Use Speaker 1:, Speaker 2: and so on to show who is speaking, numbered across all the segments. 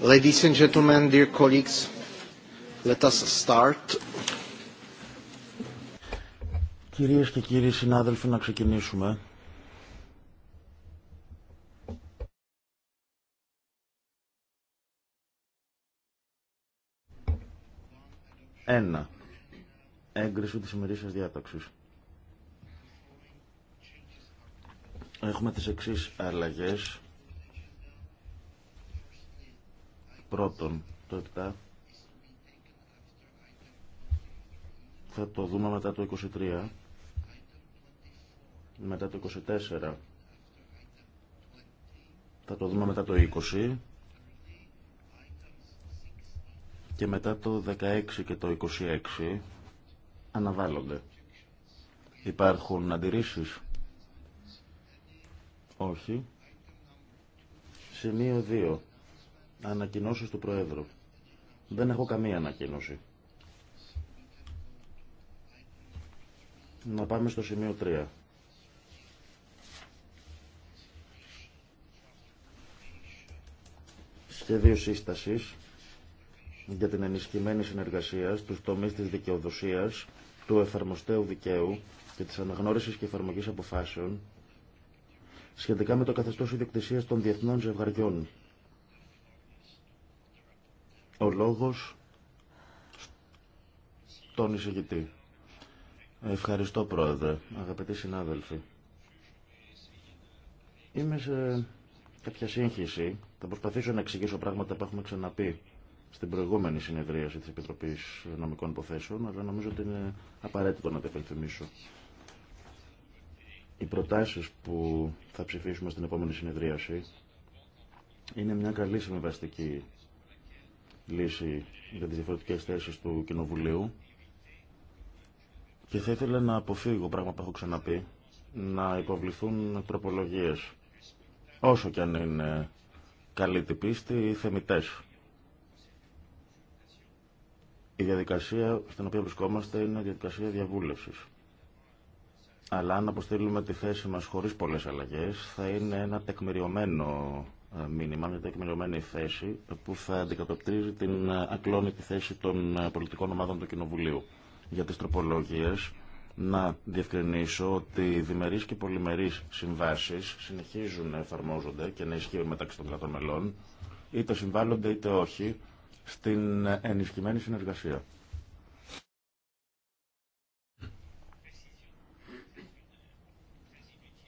Speaker 1: Ladies and gentlemen, dear colleagues, let us start. Κυρίες και κύριοι συνάδελφοι, να ξεκινήσουμε. Ένα. Έγκριση της ημερήσιας διάταξης. Έχουμε τις εξής αλλαγές Πρώτον, το 7 θα το δούμε μετά το 23, μετά το 24, θα το δούμε μετά το 20 και μετά το 16 και το 26 αναβάλλονται. Υπάρχουν αντιρρήσεις. Όχι. Σημείο 2. Ανακοινώσεις του Προέδρου. Δεν έχω καμία ανακοίνωση. Να πάμε στο σημείο 3. Σχέδιο σύστασης για την ενισχυμένη συνεργασία στους τομείς της δικαιοδοσίας, του εφαρμοστέου δικαίου και της αναγνώρισης και εφαρμογής αποφάσεων σχετικά με το καθεστώς ιδιοκτησίας των διεθνών ζευγαριών ο λόγος στον εισηγητή. Ευχαριστώ πρόεδρε, αγαπητοί συνάδελφοι. Είμαι σε κάποια σύγχυση. Θα προσπαθήσω να εξηγήσω πράγματα που έχουμε ξαναπεί στην προηγούμενη συνεδρίαση της Επιτροπής Νομικών Υποθέσεων, αλλά νομίζω ότι είναι απαραίτητο να τα υπενθυμίσω. Οι προτάσεις που θα ψηφίσουμε στην επόμενη συνεδρίαση είναι μια καλή συμβαστική λύση για τις διαφορετικές θέσεις του Κοινοβουλίου και θα ήθελα να αποφύγω πράγμα που έχω ξαναπεί να υποβληθούν τροπολογίες όσο και αν είναι καλή την πίστη ή θεμητές. Η διαδικασία στην οποία βρισκόμαστε είναι διαδικασία διαβούλευσης. Αλλά αν αποστείλουμε τη θέση μας χωρίς πολλές αλλαγές θα είναι ένα τεκμηριωμένο ε, μήνυμα, μια τεκμηριωμένη θέση που θα αντικατοπτρίζει την ε, ακλόνητη θέση των ε, πολιτικών ομάδων του Κοινοβουλίου για τις τροπολογίες. Να διευκρινίσω ότι οι διμερείς και πολυμερείς συμβάσεις συνεχίζουν να εφαρμόζονται και να ισχύουν μεταξύ των κρατών μελών, είτε συμβάλλονται είτε όχι, στην ενισχυμένη συνεργασία.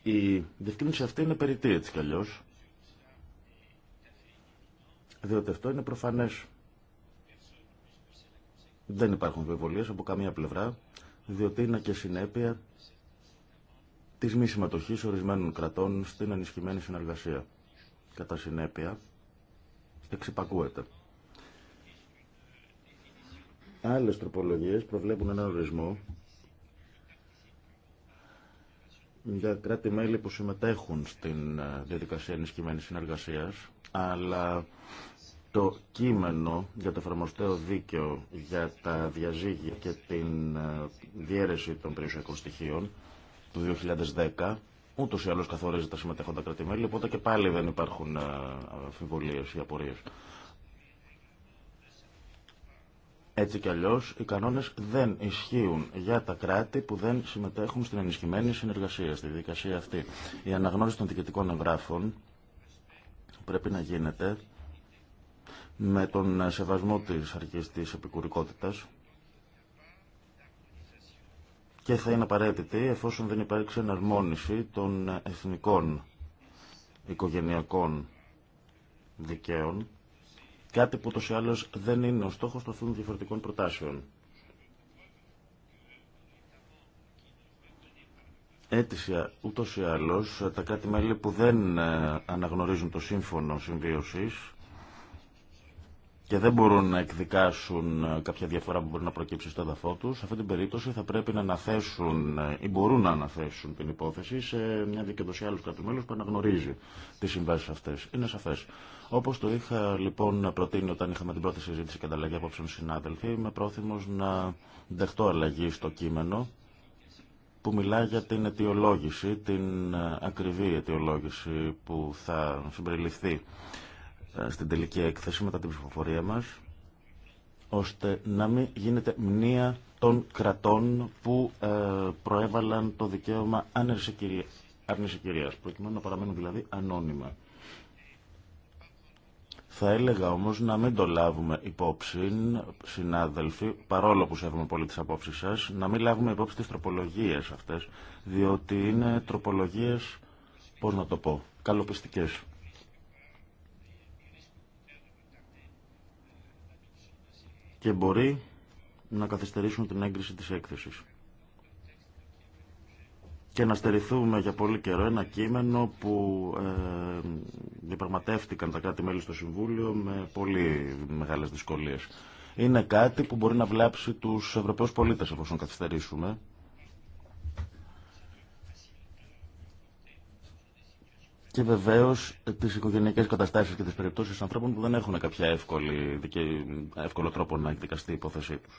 Speaker 1: Η διευκρίνηση αυτή είναι περιττή έτσι κι αλλιώς διότι αυτό είναι προφανές. Δεν υπάρχουν βεβολίες από καμία πλευρά, διότι είναι και συνέπεια της μη συμμετοχή ορισμένων κρατών στην ενισχυμένη συνεργασία. Κατά συνέπεια, εξυπακούεται. Άλλες τροπολογίες προβλέπουν ένα ορισμό για κράτη-μέλη που συμμετέχουν στην ε, διαδικασία ενισχυμένης συνεργασίας, αλλά το κείμενο για το εφαρμοστέο δίκαιο για τα διαζύγια και την ε, διέρεση των περιουσιακών στοιχείων του 2010 ούτω ή άλλω καθορίζει τα συμμετέχοντα κρατημέλη, οπότε και πάλι δεν υπάρχουν ε, αμφιβολίε ή απορίε. Έτσι κι αλλιώ οι κανόνε δεν ισχύουν για τα κράτη που δεν συμμετέχουν στην ενισχυμένη συνεργασία, στη δικασία αυτή. Η αναγνώριση των διοικητικών εγγράφων πρέπει να γίνεται με τον σεβασμό της αρχής της επικουρικότητας και θα είναι απαραίτητη εφόσον δεν υπάρξει εναρμόνιση των εθνικών οικογενειακών δικαίων, κάτι που τόσο άλλως δεν είναι ο στόχος των διαφορετικών προτάσεων. Έτσι ούτως ή άλλως τα κράτη-μέλη που δεν ε, αναγνωρίζουν το σύμφωνο συμβίωσης και δεν μπορούν να εκδικάσουν ε, κάποια διαφορά που μπορεί να προκύψει στο έδαφο του, σε αυτή την περίπτωση θα πρέπει να αναθέσουν ε, ή μπορούν να αναθέσουν την υπόθεση σε μια δικαιοδοσία άλλου κρατουμένου που αναγνωρίζει τι συμβάσει αυτέ. Είναι σαφέ. Όπω το είχα λοιπόν προτείνει όταν είχαμε την πρώτη συζήτηση και ανταλλαγή απόψεων συνάδελφοι, είμαι πρόθυμο να δεχτώ αλλαγή στο κείμενο που μιλά για την αιτιολόγηση, την ε, ακριβή αιτιολόγηση που θα συμπεριληφθεί ε, στην τελική έκθεση μετά την ψηφοφορία μας, ώστε να μην γίνεται μνήα των κρατών που ε, προέβαλαν το δικαίωμα άρνηση κυρίας, προκειμένου να παραμένουν δηλαδή ανώνυμα. Θα έλεγα όμως να μην το λάβουμε υπόψη, συνάδελφοι, παρόλο που σέβομαι πολύ τις απόψεις σας, να μην λάβουμε υπόψη τις τροπολογίες αυτές, διότι είναι τροπολογίες, πώς να το πω, καλοπιστικές. και μπορεί να καθυστερήσουν την έγκριση της έκθεσης. Και να στερηθούμε για πολύ καιρό ένα κείμενο που ε, διαπραγματεύτηκαν τα κράτη-μέλη στο Συμβούλιο με πολύ μεγάλες δυσκολίες. Είναι κάτι που μπορεί να βλάψει τους Ευρωπαίους πολίτες εφόσον καθυστερήσουμε Και βεβαίω τι οικογενειακέ καταστάσει και τι περιπτώσει ανθρώπων που δεν έχουν κάποια εύκολη, εύκολο τρόπο να εκδικαστεί η υπόθεσή του.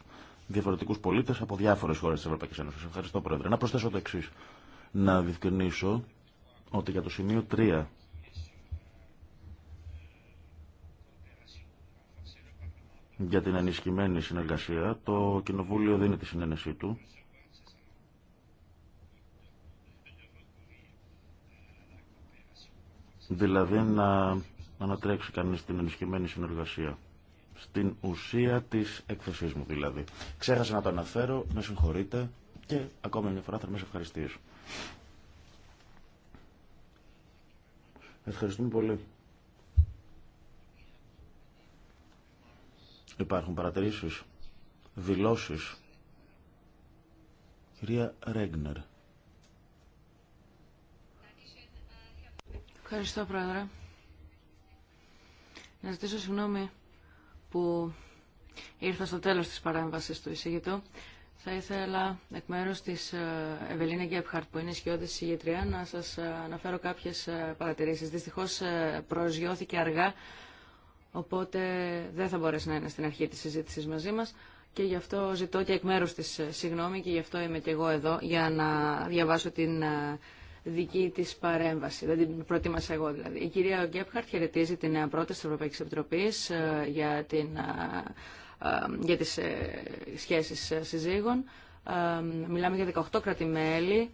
Speaker 1: Διαφορετικού πολίτε από διάφορε χώρε τη Ευρωπαϊκή Ένωση. Ευχαριστώ, Πρόεδρε. Να προσθέσω το εξή. Να διευκρινίσω ότι για το σημείο 3 για την ενισχυμένη συνεργασία το Κοινοβούλιο δίνει τη συνένεσή του Δηλαδή να ανατρέξει κανείς την ενισχυμένη συνεργασία. Στην ουσία της εκθεσής μου δηλαδή. Ξέχασα να το αναφέρω, με συγχωρείτε και ακόμα μια φορά θερμές ευχαριστίες. Ευχαριστούμε πολύ. Υπάρχουν παρατηρήσεις, δηλώσεις. Κυρία Ρέγνερ.
Speaker 2: Ευχαριστώ, Πρόεδρε. Να ζητήσω συγγνώμη που ήρθα στο τέλος της παρέμβασης του εισηγητού. Θα ήθελα εκ μέρους της ε, Ευελίνα Γκέπχαρτ που είναι ισχυώδης εισηγητρία να σας ε, αναφέρω κάποιες ε, παρατηρήσεις. Δυστυχώς προσγειώθηκε αργά οπότε δεν θα μπορέσει να είναι στην αρχή της συζήτησης μαζί μας και γι' αυτό ζητώ και εκ μέρους της συγγνώμη και γι' αυτό είμαι και εγώ εδώ για να διαβάσω την δική τη παρέμβαση. Δεν την προτίμασα εγώ δηλαδή. Η κυρία Γκέπχαρτ χαιρετίζει την νέα πρόταση τη Ευρωπαϊκή Επιτροπή ε, για, ε, ε, για τι σχέσει συζύγων. Μιλάμε για 18 κρατημέλη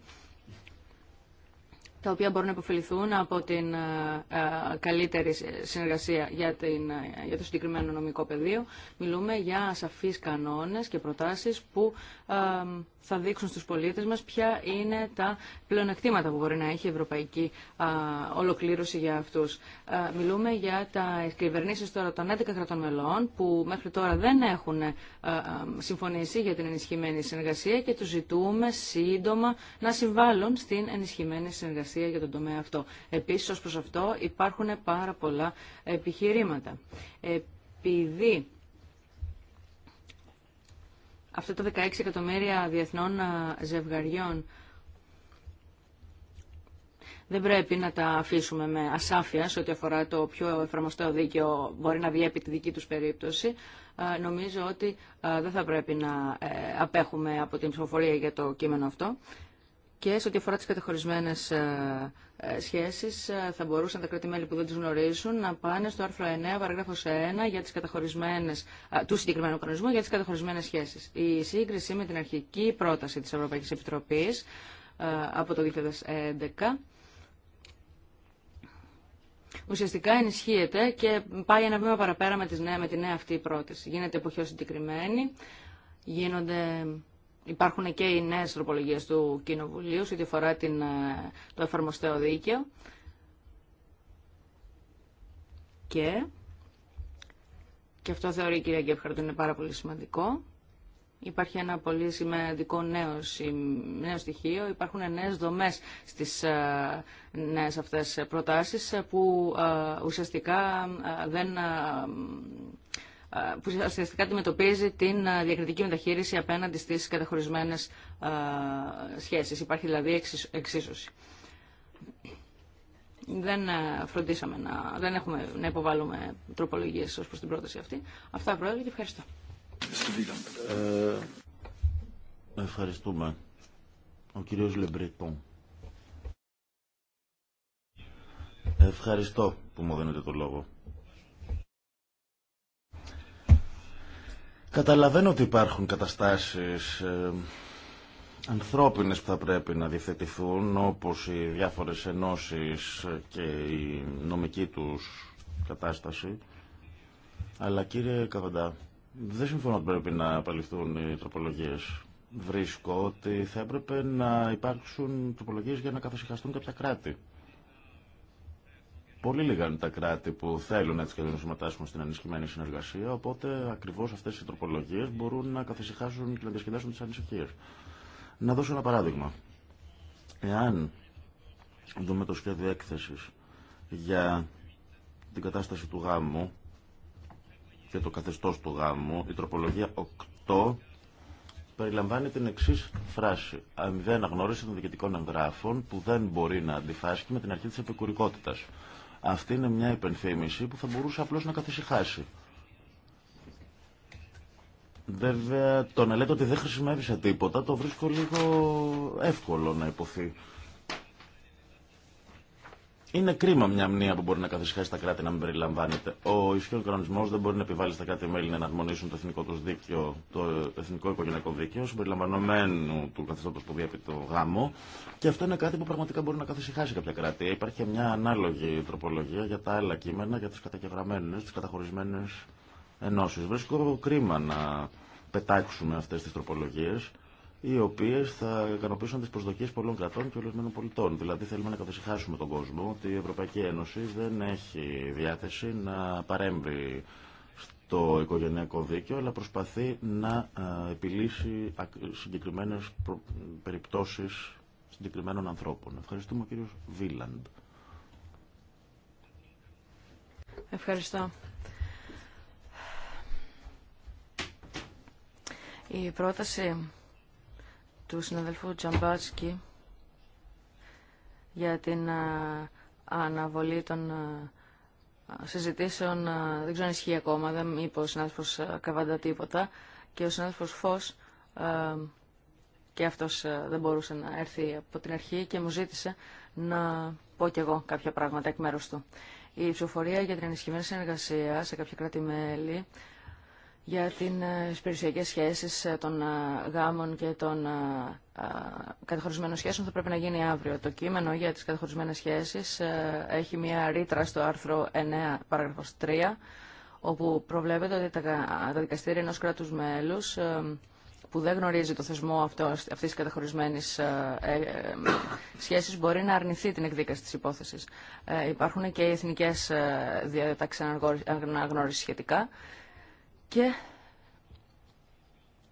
Speaker 2: τα οποία μπορούν να υποφεληθούν από την ε, ε, καλύτερη συνεργασία για, την, ε, για το συγκεκριμένο νομικό πεδίο. Μιλούμε για σαφείς κανόνες και προτάσεις που θα δείξουν στους πολίτες μας ποια είναι τα πλεονεκτήματα που μπορεί να έχει η ευρωπαϊκή ολοκλήρωση για αυτούς. Μιλούμε για τα κυβερνήσει τώρα των 11 κρατών μελών που μέχρι τώρα δεν έχουν συμφωνήσει για την ενισχυμένη συνεργασία και τους ζητούμε σύντομα να συμβάλλουν στην ενισχυμένη συνεργασία για τον τομέα αυτό. Επίσης, ως προς αυτό υπάρχουν πάρα πολλά επιχειρήματα. Επειδή αυτά τα 16 εκατομμύρια διεθνών ζευγαριών δεν πρέπει να τα αφήσουμε με ασάφεια σε ό,τι αφορά το πιο εφαρμοστό δίκαιο μπορεί να βγει τη δική τους περίπτωση. Νομίζω ότι δεν θα πρέπει να ε, απέχουμε από την ψηφοφορία για το κείμενο αυτό και σε ό,τι αφορά τις σχέσει, ε, ε, σχέσεις ε, θα μπορούσαν τα κράτη-μέλη που δεν τι γνωρίζουν να πάνε στο άρθρο 9, παραγράφος 1 για τις του συγκεκριμένου κανονισμού για τις κατεχωρισμένε σχέσεις. Η σύγκριση με την αρχική πρόταση της Ευρωπαϊκής Επιτροπής από το 2011 ουσιαστικά ενισχύεται και πάει ένα βήμα παραπέρα με, τη νέα αυτή πρόταση. Γίνεται εποχή συγκεκριμένη, γίνονται Υπάρχουν και οι νέες τροπολογίες του Κοινοβουλίου σε ό,τι αφορά την, ε, το εφαρμοστέο δίκαιο. Και, και αυτό θεωρεί η κυρία Γκέφχαρτ είναι πάρα πολύ σημαντικό. Υπάρχει ένα πολύ σημαντικό νέο, νέο στοιχείο. Υπάρχουν νέες δομές στις ε, νέες αυτές προτάσεις που ε, ουσιαστικά δεν ε, που ουσιαστικά αντιμετωπίζει την ε, διακριτική μεταχείριση απέναντι στις καταχωρισμένες ε, σχέσεις. Υπάρχει δηλαδή εξίσωση. Δεν φροντίσαμε να, δεν έχουμε, να υποβάλουμε τροπολογίες ως προς την πρόταση αυτή. Αυτά πρόεδρε και ευχαριστώ.
Speaker 1: Ε, ευχαριστούμε. Ο κύριος Λεμπρετών. Ευχαριστώ που μου δίνετε το λόγο. Καταλαβαίνω ότι υπάρχουν καταστάσεις ε, ανθρώπινες που θα πρέπει να διευθετηθούν όπως οι διάφορες ενώσεις και η νομική τους κατάσταση. Αλλά κύριε Καβαντά, δεν συμφωνώ ότι πρέπει να απαλληφθούν οι τροπολογίες. Βρίσκω ότι θα έπρεπε να υπάρξουν τροπολογίες για να καθοσυχαστούν κάποια κράτη. Πολύ λίγα είναι τα κράτη που θέλουν έτσι και να συμμετάσχουν στην ενισχυμένη συνεργασία, οπότε ακριβώ αυτέ οι τροπολογίε μπορούν να καθησυχάσουν και να διασκεδάσουν τι ανησυχίε. Να δώσω ένα παράδειγμα. Εάν δούμε το σχέδιο έκθεση για την κατάσταση του γάμου και το καθεστώ του γάμου, η τροπολογία 8 περιλαμβάνει την εξή φράση. Αμοιβαία αναγνώριση των διοικητικών εγγράφων που δεν μπορεί να αντιφάσκει με την αρχή τη επικουρικότητα. Αυτή είναι μια υπενθύμηση που θα μπορούσε απλώς να καθησυχάσει. Βέβαια, το να λέτε ότι δεν χρησιμεύει σε τίποτα, το βρίσκω λίγο εύκολο να υποθεί. Είναι κρίμα μια μνήμα που μπορεί να καθησυχάσει τα κράτη να μην περιλαμβάνεται. Ο ισχυρό κανονισμό δεν μπορεί να επιβάλλει στα κράτη-μέλη να εναρμονίσουν το εθνικό του δίκαιο, το εθνικό οικογενειακό δίκαιο, συμπεριλαμβανομένου του καθεστώτο που διέπει το γάμο. Και αυτό είναι κάτι που πραγματικά μπορεί να καθησυχάσει κάποια κράτη. Υπάρχει μια ανάλογη τροπολογία για τα άλλα κείμενα, για τι κατακεγραμμένε, τι καταχωρισμένε ενώσει. Βρίσκω κρίμα να πετάξουμε αυτέ τι τροπολογίε οι οποίε θα ικανοποιήσουν τι προσδοκίε πολλών κρατών και ολοκληρωμένων πολιτών. Δηλαδή, θέλουμε να καθησυχάσουμε τον κόσμο ότι η Ευρωπαϊκή Ένωση δεν έχει διάθεση να παρέμβει στο οικογενειακό δίκαιο, αλλά προσπαθεί να ε, επιλύσει συγκεκριμένε περιπτώσει συγκεκριμένων ανθρώπων. Ευχαριστούμε, κύριο Βίλαντ.
Speaker 2: Ευχαριστώ. Η πρόταση του συναδελφού Τζαμπάτσκι για την αναβολή των συζητήσεων. Δεν ξέρω αν ισχύει ακόμα, δεν είπε ο συνάδελφο Καβάντα τίποτα και ο συνάδελφο φω και αυτό δεν μπορούσε να έρθει από την αρχή και μου ζήτησε να πω κι εγώ κάποια πράγματα εκ μέρου του. Η ψηφοφορία για την ενισχυμένη συνεργασία σε κάποια κράτη-μέλη για τις ε, περιουσιακές σχέσεις ε, των ε, γάμων και των καταχωρισμένων σχέσεων θα πρέπει να γίνει αύριο. Το κείμενο για τις καταχωρισμένες σχέσεις έχει μια ρήτρα στο άρθρο 9 παράγραφος 3 όπου προβλέπεται ότι τα δικαστήρια ενός κράτους μέλους που δεν γνωρίζει το θεσμό αυτό, αυτής της καταχωρισμένης σχέσης μπορεί να αρνηθεί την εκδίκαση της υπόθεσης. υπάρχουν και οι εθνικές ε, αναγνώριση σχετικά και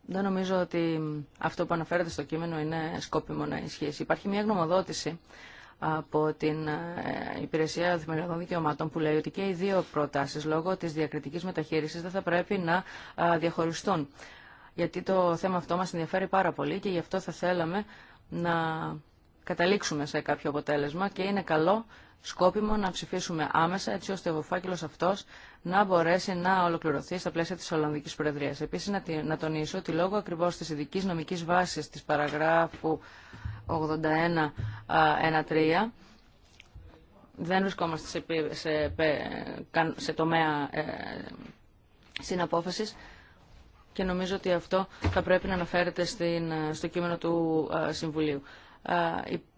Speaker 2: δεν νομίζω ότι αυτό που αναφέρεται στο κείμενο είναι σκόπιμο να ισχύσει. Υπάρχει μια γνωμοδότηση από την ε, Υπηρεσία Δημιουργικών Δικαιωμάτων που λέει ότι και οι δύο προτάσεις λόγω της διακριτικής μεταχείρισης δεν θα πρέπει να ε, διαχωριστούν. Γιατί το θέμα αυτό μας ενδιαφέρει πάρα πολύ και γι' αυτό θα θέλαμε να καταλήξουμε σε κάποιο αποτέλεσμα και είναι καλό σκόπιμο να ψηφίσουμε άμεσα έτσι ώστε ο φάκελος αυτός να μπορέσει να ολοκληρωθεί στα πλαίσια της Ολλανδική Προεδρία. Επίσης να τονίσω ότι λόγω ακριβώς της ειδική νομικής βάσης της παραγράφου 81.1.3 δεν βρισκόμαστε σε, σε, σε τομέα ε, συναπόφασης και νομίζω ότι αυτό θα πρέπει να αναφέρεται ε, στο κείμενο του ε, Συμβουλίου.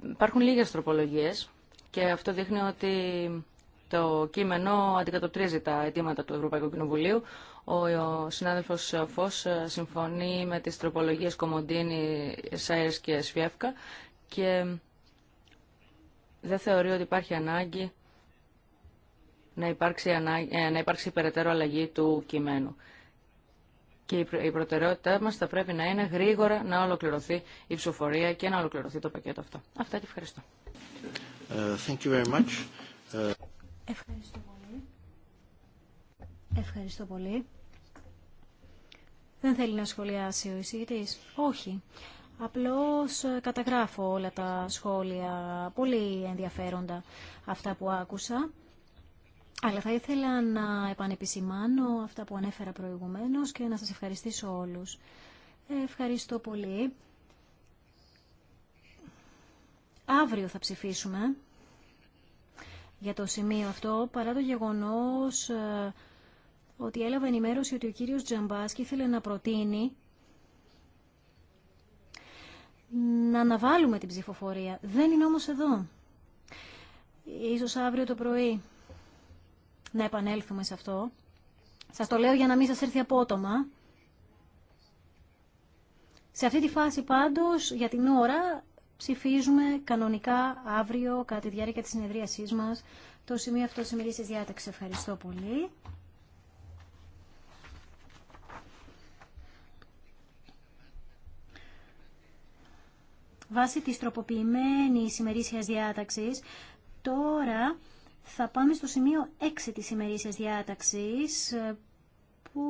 Speaker 2: Υπάρχουν λίγες τροπολογίες και αυτό δείχνει ότι το κείμενο αντικατοπτρίζει τα αιτήματα του Ευρωπαϊκού Κοινοβουλίου. Ο συνάδελφος Φως ε, συμφωνεί με τις τροπολογίες Κομοντίνη, Σάιρς και Σφιεύκα και δεν θεωρεί ότι υπάρχει ανάγκη να υπάρξει, ε, να υπάρξει περαιτέρω αλλαγή του κειμένου και η προτεραιότητά μα θα πρέπει να είναι γρήγορα να ολοκληρωθεί η ψηφοφορία και να ολοκληρωθεί το πακέτο αυτό. Αυτά και ευχαριστώ.
Speaker 1: Ε, ε,
Speaker 3: ευχαριστώ πολύ. Ευχαριστώ πολύ. Δεν θέλει να σχολιάσει ο εισηγητής. Όχι. Απλώς ε, καταγράφω όλα τα σχόλια πολύ ενδιαφέροντα αυτά που άκουσα. Αλλά θα ήθελα να επανεπισημάνω αυτά που ανέφερα προηγουμένως και να σας ευχαριστήσω όλους. Ευχαριστώ πολύ. Αύριο θα ψηφίσουμε για το σημείο αυτό, παρά το γεγονός ε, ότι έλαβα ενημέρωση ότι ο κύριος Τζαμπάσκι ήθελε να προτείνει να αναβάλουμε την ψηφοφορία. Δεν είναι όμως εδώ. Ίσως αύριο το πρωί να επανέλθουμε σε αυτό. Σας το λέω για να μην σας έρθει απότομα. Σε αυτή τη φάση πάντως, για την ώρα, ψηφίζουμε κανονικά αύριο κατά τη διάρκεια τη συνεδρίασής μας το σημείο αυτό της ημερήσιας διάταξης. Ευχαριστώ πολύ. Βάσει της τροποποιημένης ημερήσιας διάταξης, τώρα θα πάμε στο σημείο 6 της ημερήσιας διάταξης ε, που...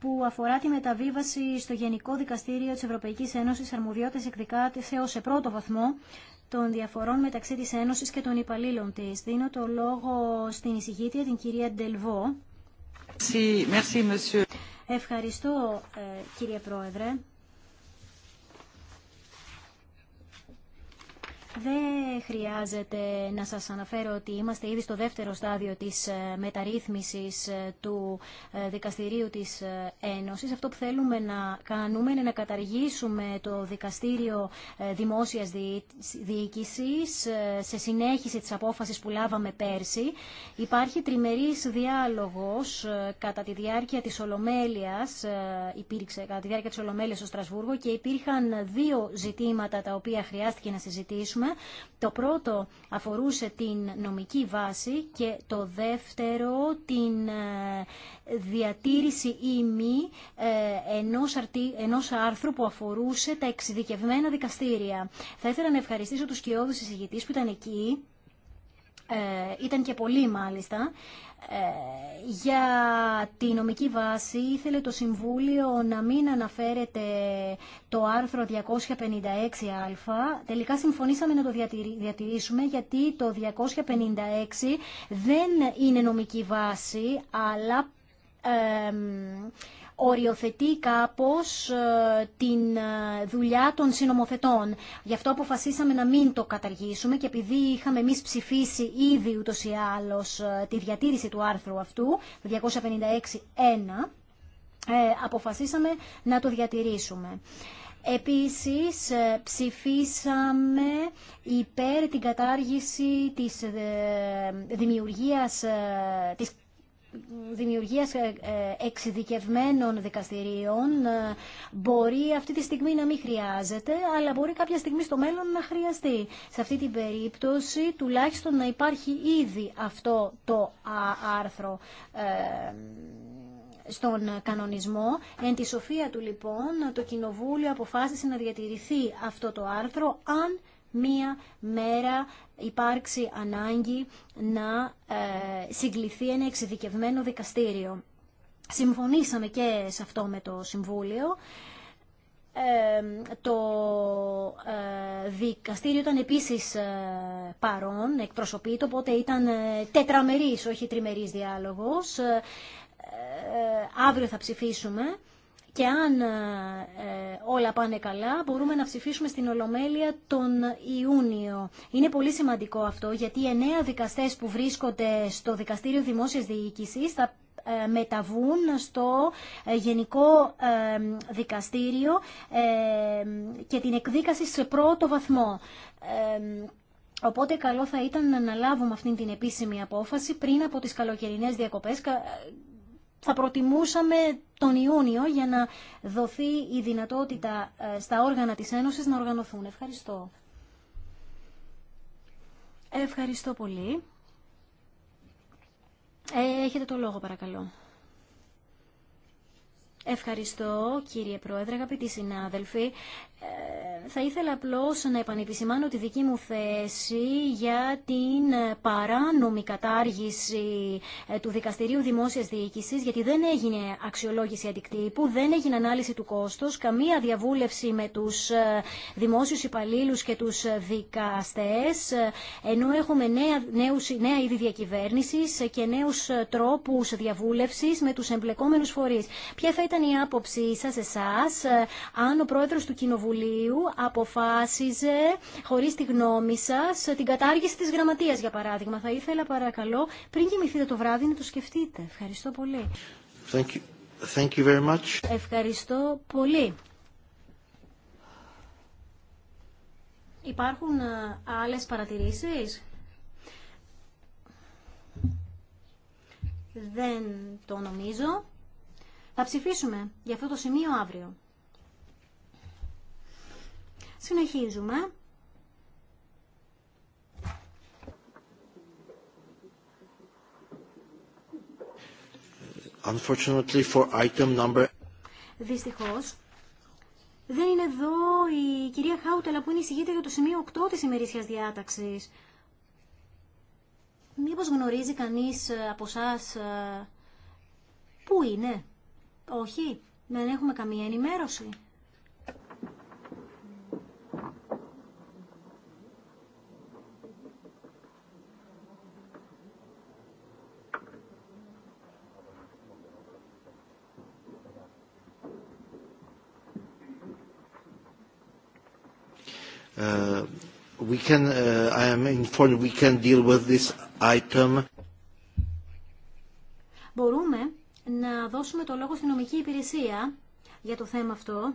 Speaker 3: που αφορά τη μεταβίβαση στο Γενικό Δικαστήριο της Ευρωπαϊκής Ένωσης αρμοδιότητες έως σε πρώτο βαθμό των διαφορών μεταξύ της Ένωσης και των υπαλλήλων της. Δίνω το λόγο στην εισηγήτρια, την κυρία Ντελβό. Ευχαριστώ, ε, κύριε Πρόεδρε. Δεν χρειάζεται να σας αναφέρω ότι είμαστε ήδη στο δεύτερο στάδιο της ε, μεταρρύθμισης ε, του ε, Δικαστηρίου της Ένωσης. Αυτό που θέλουμε να κάνουμε είναι να καταργήσουμε το Δικαστήριο Δημόσιας Διοίκησης σε συνέχιση της απόφασης που λάβαμε πέρσι. Υπάρχει τριμερής διάλογος κατά τη διάρκεια της Ολομέλειας, υπήρξε κατά τη διάρκεια της Ολομέλειας στο Στρασβούργο και υπήρχαν δύο ζητήματα τα οποία χρειάστηκε να συζητήσουμε το πρώτο αφορούσε την νομική βάση και το δεύτερο την ε, διατήρηση ή μη ε, ενός άρθρου που αφορούσε τα εξειδικευμένα δικαστήρια. Θα ήθελα να ευχαριστήσω τους κοιόδους συζητητής που ήταν εκεί ε, ήταν και πολύ μάλιστα, ε, για τη νομική βάση ήθελε το Συμβούλιο να μην αναφέρεται το άρθρο 256α. Τελικά συμφωνήσαμε να το διατηρήσουμε γιατί το 256 δεν είναι νομική βάση, αλλά οριοθετεί κάπως ε, την ε, δουλειά των συνομοθετών. Γι' αυτό αποφασίσαμε να μην το καταργήσουμε και επειδή είχαμε εμεί ψηφίσει ήδη ούτως ή άλλως ε, τη διατήρηση του άρθρου αυτού, 256.1, αποφασίσαμε να το διατηρήσουμε. Επίσης ψηφίσαμε υπέρ την κατάργηση της δημιουργίας της δημιουργίας ε, ε, εξειδικευμένων δικαστηρίων ε, μπορεί αυτή τη στιγμή να μην χρειάζεται, αλλά μπορεί κάποια στιγμή στο μέλλον να χρειαστεί. Σε αυτή την περίπτωση τουλάχιστον να υπάρχει ήδη αυτό το άρθρο στον κανονισμό. Εν τη σοφία του λοιπόν το Κοινοβούλιο αποφάσισε να διατηρηθεί αυτό το άρθρο αν μία μέρα υπάρξει ανάγκη να ε, συγκληθεί ένα εξειδικευμένο δικαστήριο. Συμφωνήσαμε και σε αυτό με το Συμβούλιο. Ε, το ε, δικαστήριο ήταν επίσης παρόν, εκπροσωπείτο, οπότε ήταν τετραμερής, όχι τριμερής διάλογος. Αύριο θα ψηφίσουμε και αν ε, ε, όλα πάνε καλά μπορούμε να ψηφίσουμε στην Ολομέλεια τον Ιούνιο. Είναι πολύ σημαντικό αυτό γιατί οι εννέα δικαστές που βρίσκονται στο Δικαστήριο Δημόσιας Διοίκησης θα ε, μεταβούν στο Γενικό Δικαστήριο και την εκδίκαση σε πρώτο βαθμό. Οπότε καλό θα ήταν να αναλάβουμε αυτή την επίσημη απόφαση πριν από τις καλοκαιρινές διακοπές θα προτιμούσαμε τον Ιούνιο για να δοθεί η δυνατότητα ε, στα όργανα της Ένωσης να οργανωθούν. Ευχαριστώ. Ευχαριστώ πολύ. Ε, έχετε το λόγο παρακαλώ. Ευχαριστώ κύριε Πρόεδρε, αγαπητοί συνάδελφοι. Ε, θα ήθελα απλώς να επανεπισημάνω τη δική μου θέση για την παράνομη κατάργηση ε, του Δικαστηρίου Δημόσιας Διοίκησης, γιατί δεν έγινε αξιολόγηση αντικτύπου, δεν έγινε ανάλυση του κόστος, καμία διαβούλευση με τους ε, δημόσιους υπαλλήλους και τους ε, δικαστές, ενώ έχουμε νέα, νέους, νέα είδη διακυβέρνησης και νέους τρόπους διαβούλευσης με τους εμπλεκόμενους φορείς. Ποια θα ήταν η άποψή σας εσάς, αν ο πρόεδρος του Κοινοβουλίου αποφάσιζε, χωρίς τη γνώμη σας, την κατάργηση της γραμματείας, για παράδειγμα. Θα ήθελα, παρακαλώ, πριν κοιμηθείτε το βράδυ, να το σκεφτείτε. Ευχαριστώ πολύ.
Speaker 1: Thank you. Thank you very much.
Speaker 3: Ευχαριστώ πολύ. Υπάρχουν ε, άλλες παρατηρήσεις? Δεν το νομίζω. Θα ψηφίσουμε για αυτό το σημείο αύριο. Συνεχίζουμε.
Speaker 1: Unfortunately for item number...
Speaker 3: Δυστυχώς, δεν είναι εδώ η κυρία Χάουτελα που είναι η για το σημείο 8 της ημερήσιας διάταξης. Μήπως γνωρίζει κανείς ε, από εσά ε, πού είναι. Όχι, δεν έχουμε καμία ενημέρωση.
Speaker 1: can, uh, I am deal with this item.
Speaker 3: Μπορούμε να δώσουμε το λόγο στην νομική υπηρεσία για το θέμα αυτό.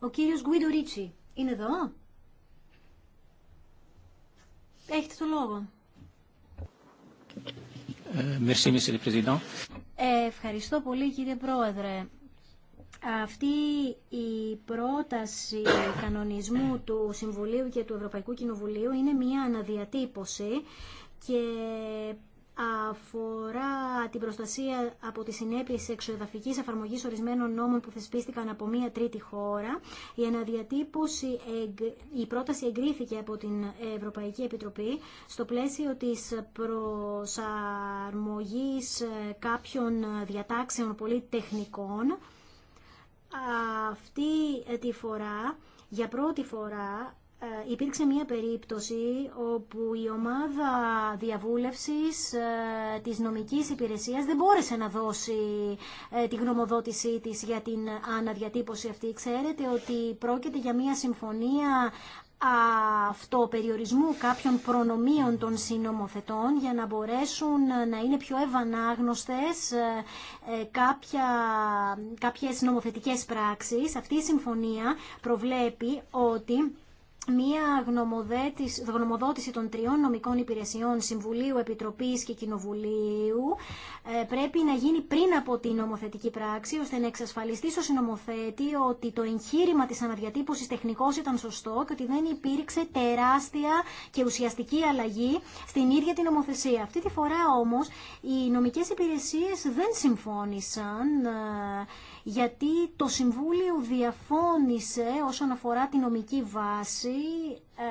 Speaker 3: Ο κύριος Γκουίντο Ρίτσι είναι εδώ. Έχετε το λόγο.
Speaker 2: Ε,
Speaker 3: ε, ευχαριστώ πολύ κύριε Πρόεδρε. Αυτή η πρόταση κανονισμού του Συμβουλίου και του Ευρωπαϊκού Κοινοβουλίου είναι μια αναδιατύπωση και αφορά την προστασία από τις συνέπειες εξοεδαφικής εφαρμογής ορισμένων νόμων που θεσπίστηκαν από μία τρίτη χώρα. Η αναδιατύπωση, η πρόταση εγκρίθηκε από την Ευρωπαϊκή Επιτροπή στο πλαίσιο της προσαρμογής κάποιων διατάξεων πολύ τεχνικών αυτή τη φορά, για πρώτη φορά, ε, υπήρξε μία περίπτωση όπου η ομάδα διαβούλευσης ε, της νομικής υπηρεσίας δεν μπόρεσε να δώσει ε, τη γνωμοδότησή της για την αναδιατύπωση αυτή. Ξέρετε ότι πρόκειται για μία συμφωνία αυτοπεριορισμού κάποιων προνομίων των συνομοθετών για να μπορέσουν να είναι πιο ευανάγνωστες ε, ε, κάποια, κάποιες νομοθετικές πράξεις. Αυτή η συμφωνία προβλέπει ότι μία γνωμοδότηση των τριών νομικών υπηρεσιών Συμβουλίου, Επιτροπής και Κοινοβουλίου ε, πρέπει να γίνει πριν από την νομοθετική πράξη ώστε να εξασφαλιστεί στο συνομοθέτη ότι το εγχείρημα της αναδιατύπωσης τεχνικώς ήταν σωστό και ότι δεν υπήρξε τεράστια και ουσιαστική αλλαγή στην ίδια την νομοθεσία. Αυτή τη φορά όμως οι νομικές υπηρεσίες δεν συμφώνησαν ε, γιατί το Συμβούλιο διαφώνησε όσον αφορά τη νομική βάση, ε,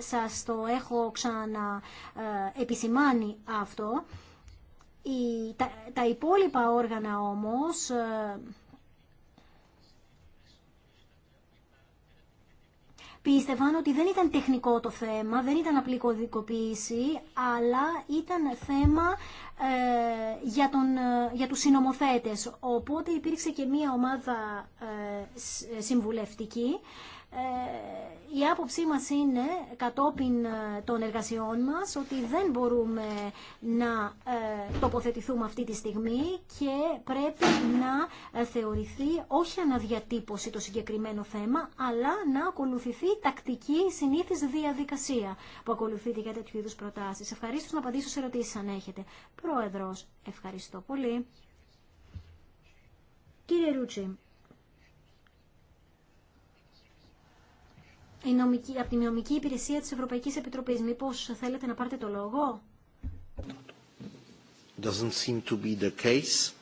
Speaker 3: σας το έχω ξαναεπισημάνει ε, αυτό. Η, τα, υπόλοιπα όργανα όμως... Ε, πίστευαν ότι δεν ήταν τεχνικό το θέμα, δεν ήταν απλή κωδικοποίηση, αλλά ήταν θέμα ε, για, τον, ε, για τους συνομοθέτες. Οπότε υπήρξε και μία ομάδα ε, συμβουλευτική ε, η άποψή μας είναι κατόπιν ε, των εργασιών μας ότι δεν μπορούμε να ε, τοποθετηθούμε αυτή τη στιγμή και πρέπει να θεωρηθεί όχι αναδιατύπωση το συγκεκριμένο θέμα αλλά να ακολουθηθεί τακτική συνήθις διαδικασία που ακολουθείται για τέτοιου είδους προτάσεις. Ευχαριστώ να απαντήσω σε ερωτήσεις αν έχετε. Πρόεδρος, ευχαριστώ πολύ. Κύριε Ρούτσι, από τη νομική υπηρεσία της Ευρωπαϊκής Επιτροπής. Μήπως θέλετε να πάρετε το λόγο?
Speaker 1: Doesn't seem to be the case.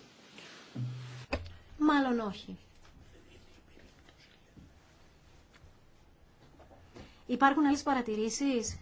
Speaker 3: Μάλλον όχι. Υπάρχουν άλλες παρατηρήσεις?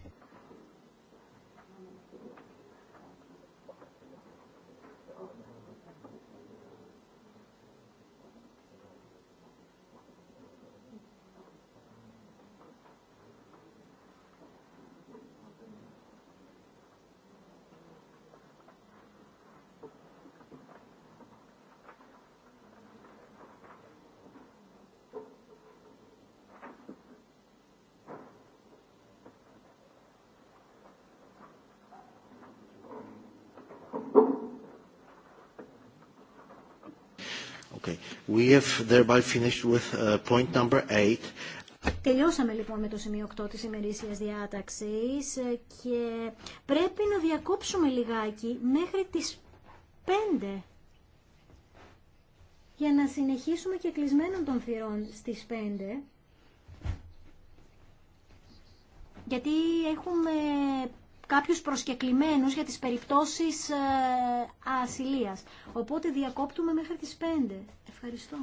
Speaker 1: Okay. We have thereby finished with uh, point number
Speaker 3: Τελειώσαμε λοιπόν με το σημείο 8 της ημερήσιας διάταξης ε, και πρέπει να διακόψουμε λιγάκι μέχρι τις 5 για να συνεχίσουμε και κλεισμένων των θυρών στις 5 γιατί έχουμε κάποιους προσκεκλημένους για τις περιπτώσεις ε, ασυλίας. Οπότε διακόπτουμε μέχρι τις 5. Ευχαριστώ.